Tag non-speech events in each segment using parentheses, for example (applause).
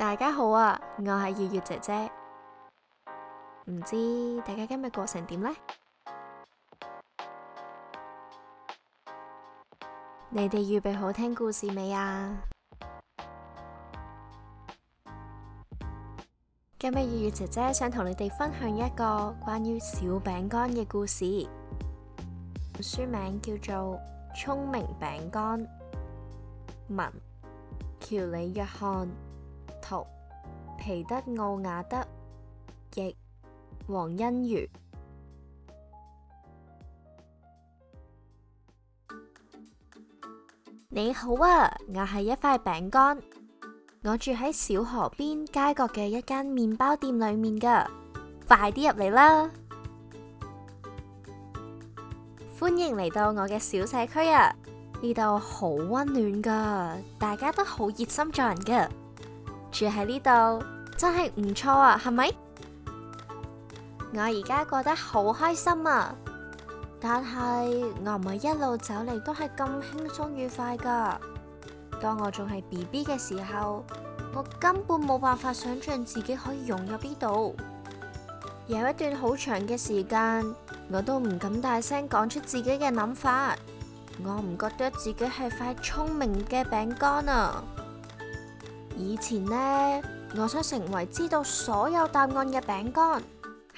大家好啊，我係月月姐姐，唔知大家今日過成點呢？你哋預備好聽故事未啊？今日月月姐姐想同你哋分享一個關於小餅乾嘅故事，書名叫做《聰明餅乾》，文，喬里約翰。皮德奧亞德，亦黃欣如。你好啊，我係一塊餅乾，我住喺小河邊街角嘅一間麵包店裏面㗎，快啲入嚟啦！歡迎嚟到我嘅小社區啊！呢度好溫暖㗎，大家都好熱心助人㗎。住喺呢度真係唔錯啊，係咪？我而家過得好開心啊，但係我唔係一路走嚟都係咁輕鬆愉快噶。當我仲係 BB 嘅時候，我根本冇辦法想象自己可以融入呢度。有一段好長嘅時間，我都唔敢大聲講出自己嘅諗法。我唔覺得自己係塊聰明嘅餅乾啊。以前呢，我想成為知道所有答案嘅餅乾，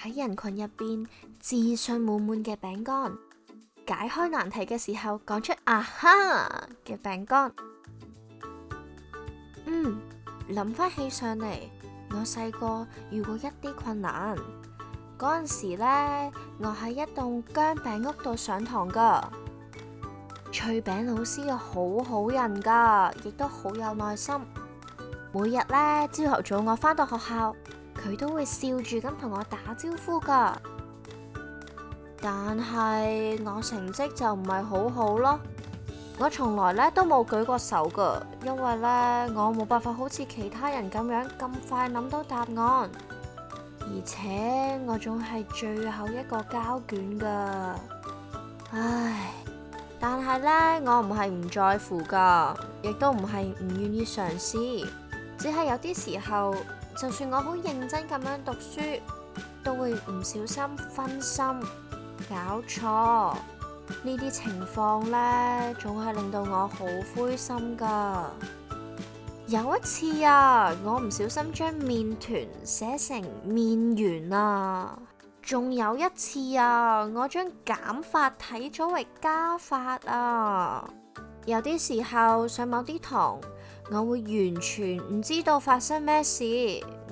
喺人群入邊自信滿滿嘅餅乾，解開難題嘅時候講出啊哈嘅餅乾。嗯，諗翻起上嚟，我細個遇過一啲困難嗰陣時呢，我喺一棟薑餅屋度上堂㗎，脆餅老師又好好人㗎，亦都好有耐心。每日呢朝頭早，我返到學校，佢都會笑住咁同我打招呼噶。但係我成績就唔係好好咯。我從來呢都冇舉過手噶，因為呢我冇辦法好似其他人咁樣咁快諗到答案，而且我仲係最後一個交卷噶。唉，但係呢我唔係唔在乎噶，亦都唔係唔願意嘗試。只係有啲時候，就算我好認真咁樣讀書，都會唔小心分心，搞錯。呢啲情況呢，仲係令到我好灰心噶。有一次啊，我唔小心將麵團寫成麵圓啊。仲有一次啊，我將減法睇咗為加法啊。有啲時候上某啲堂，我會完全唔知道發生咩事，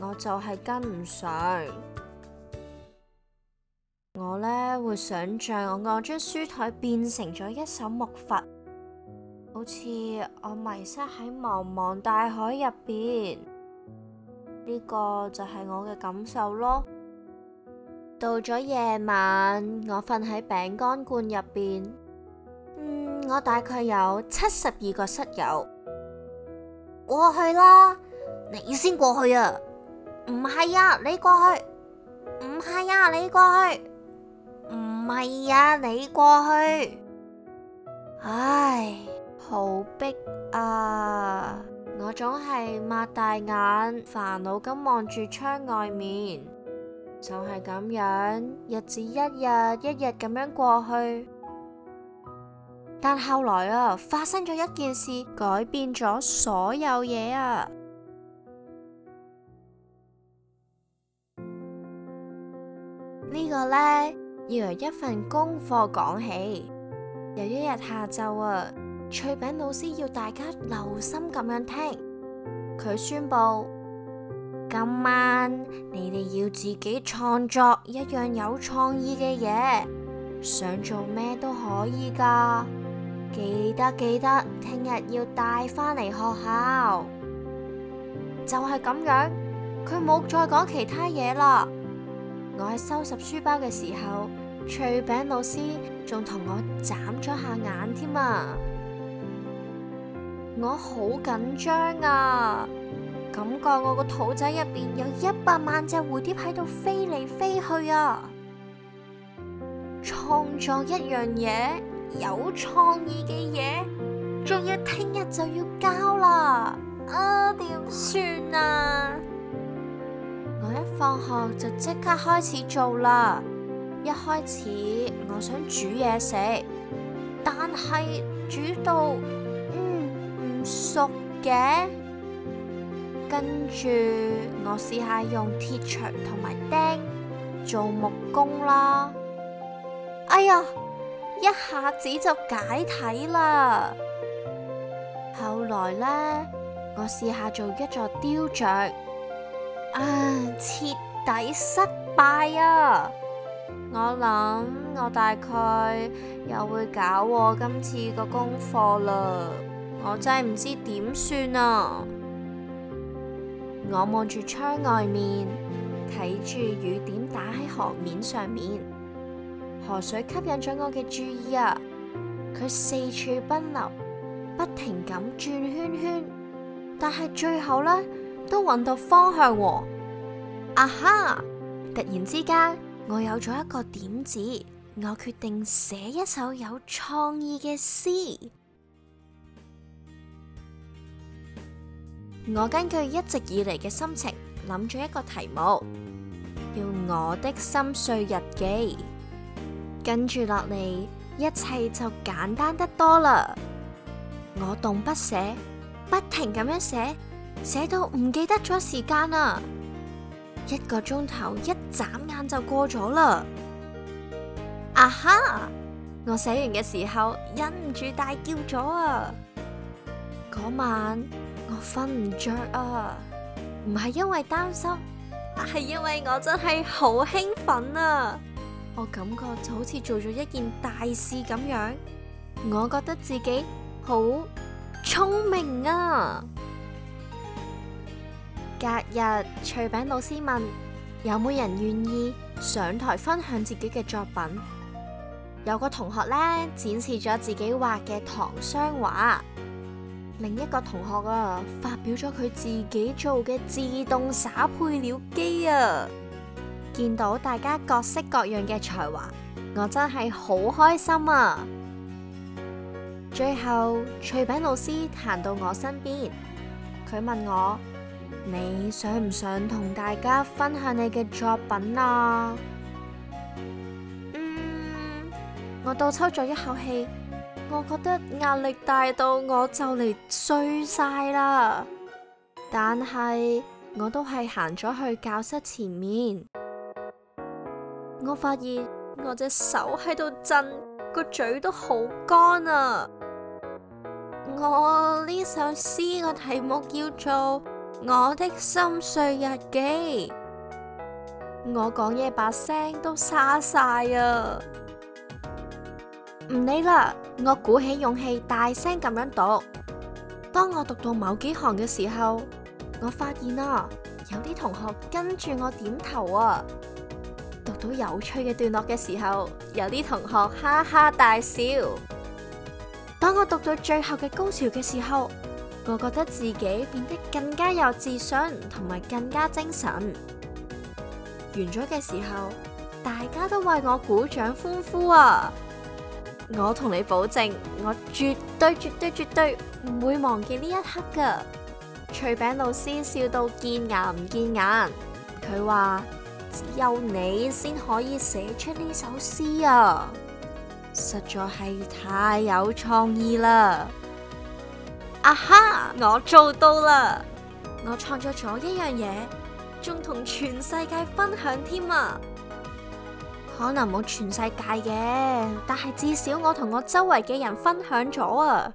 我就係跟唔上。我呢會想象我將書台變成咗一艘木筏，好似我迷失喺茫茫大海入邊。呢個就係我嘅感受咯。到咗夜晚，我瞓喺餅乾罐入邊。嗯，我大概有七十二個室友。過去啦，你先過去啊！唔係啊，你過去，唔係啊，你過去，唔係啊，你過去。唉，好逼啊！我總係擘大眼，煩惱咁望住窗外面，就係咁樣，日子一日一日咁樣過去。但後來啊，發生咗一件事，改變咗所有嘢啊！呢個呢，要由一份功課講起。有一日下晝啊，脆餅老師要大家留心咁樣聽。佢宣佈：今晚你哋要自己創作一樣有創意嘅嘢，想做咩都可以㗎。記得記得，聽日要帶返嚟學校。就係咁樣，佢冇再講其他嘢啦。我喺收拾書包嘅時候，脆餅老師仲同我眨咗下眼添啊！我好緊張啊，感覺我個肚仔入邊有一百萬隻蝴蝶喺度飛嚟飛去啊！創作一樣嘢。有創意嘅嘢，仲要聽日就要交啦！啊，點算啊？我一放學就即刻開始做啦。一開始我想煮嘢食，但係煮到嗯、唔熟嘅。跟住我試下用鐵錘同埋釘做木工啦。哎呀！一下子就解體啦！後來呢，我試下做一座雕像，啊，徹底失敗啊！我諗我大概又會搞過今次個功課啦，我真係唔知點算啊！我望住窗外面，睇住雨點打喺河面上面。河水吸引咗我嘅注意啊！佢四處奔流，不停咁轉圈圈，但係最後呢，都揾到方向啊。啊哈！突然之間，我有咗一個點子，我決定寫一首有創意嘅詩。我根據一直以嚟嘅心情諗咗一個題目，叫《我的心碎日記》。跟住落嚟，一切就簡單得多啦。我動筆寫，不停咁樣寫，寫到唔記得咗時間啦。一個鐘頭一眨眼就過咗啦。啊哈！我寫完嘅時候，忍唔住大叫咗啊！嗰晚我瞓唔着啊，唔係因為擔心，係因為我真係好興奮啊！我感覺就好似做咗一件大事咁樣，我覺得自己好聰明啊！隔日，脆餅老師問有冇人願意上台分享自己嘅作品，有個同學呢，展示咗自己畫嘅糖霜畫，另一個同學啊發表咗佢自己做嘅自動灑配料機啊！見到大家各式各樣嘅才華，我真係好開心啊！最後，翠餅老師行到我身邊，佢問我：你想唔想同大家分享你嘅作品啊？嗯，我倒抽咗一口氣，我覺得壓力大到我就嚟衰晒啦！但係，我都係行咗去教室前面。我發現我隻手喺度震，個嘴都好乾啊！我呢首詩個題目叫做《我的心碎日記》，我講嘢把聲都沙晒啊！唔理啦，我鼓起勇氣大聲咁樣讀。當我讀到某幾行嘅時候，我發現啦，有啲同學跟住我點頭啊！讀到有趣嘅段落嘅時候，有啲同學哈哈大笑。當我讀到最後嘅高潮嘅時候，我覺得自己變得更加有自信，同埋更加精神。完咗嘅時候，大家都為我鼓掌歡呼啊！我同你保證，我絕對絕對絕對唔會忘記呢一刻㗎。脆餅老師笑到見牙唔見眼，佢話。只有你先可以寫出呢首詩啊！實在係太有創意啦！啊哈，我做到啦！我創作咗一樣嘢，仲同全世界分享添啊！可能冇全世界嘅，但係至少我同我周圍嘅人分享咗啊！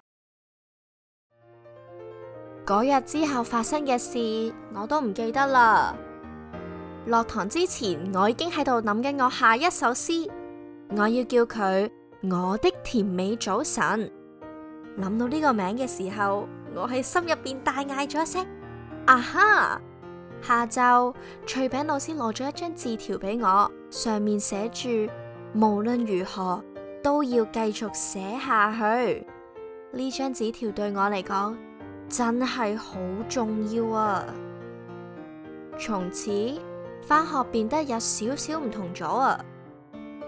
嗰日 (noise) 之後發生嘅事，我都唔記得啦。落堂之前，我已經喺度諗緊我下一首詩，我要叫佢我的甜美早晨。諗到呢個名嘅時候，我喺心入邊大嗌咗一聲：啊哈！下晝，脆餅老師攞咗一張字條俾我，上面寫住無論如何都要繼續寫下去。呢張紙條對我嚟講真係好重要啊！從此，翻學變得有少少唔同咗啊！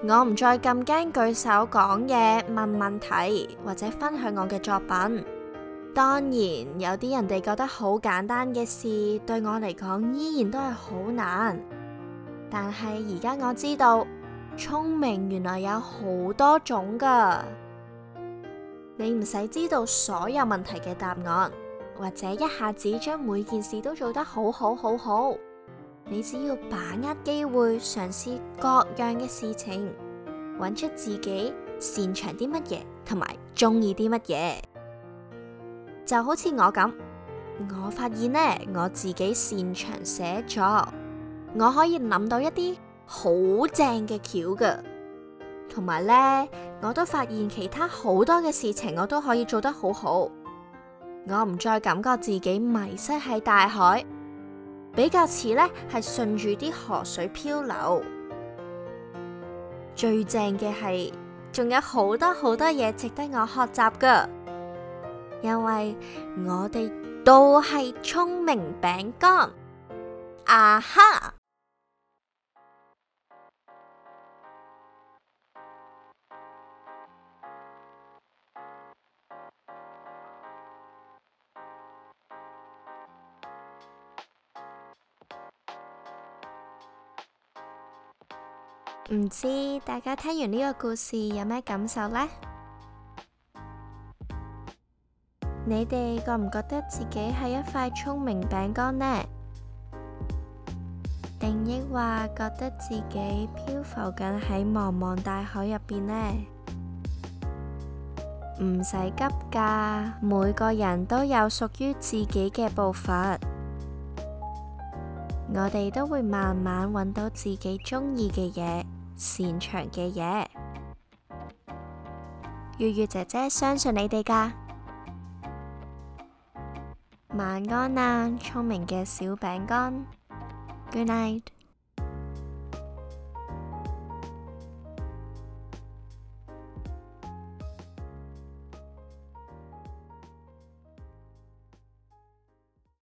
我唔再咁驚舉手講嘢、問問題或者分享我嘅作品。當然有啲人哋覺得好簡單嘅事，對我嚟講依然都係好難。但係而家我知道，聰明原來有好多種噶。你唔使知道所有問題嘅答案，或者一下子將每件事都做得好好好好。你只要把握機會，嘗試各樣嘅事情，揾出自己擅長啲乜嘢，同埋中意啲乜嘢。就好似我咁，我發現呢，我自己擅長寫作，我可以諗到一啲好正嘅橋㗎，同埋呢，我都發現其他好多嘅事情我都可以做得好好，我唔再感覺自己迷失喺大海。比較似呢係順住啲河水漂流。最正嘅係，仲有好多好多嘢值得我學習㗎，因為我哋都係聰明餅乾。啊哈！唔知大家聽完呢個故事有咩感受呢？你哋覺唔覺得自己係一塊聰明餅乾呢？定抑話覺得自己漂浮緊喺茫茫大海入邊呢？唔使急㗎，每個人都有屬於自己嘅步伐，我哋都會慢慢揾到自己中意嘅嘢。擅長嘅嘢，月月姐姐相信你哋㗎。晚安啊，聰明嘅小餅乾。Good night。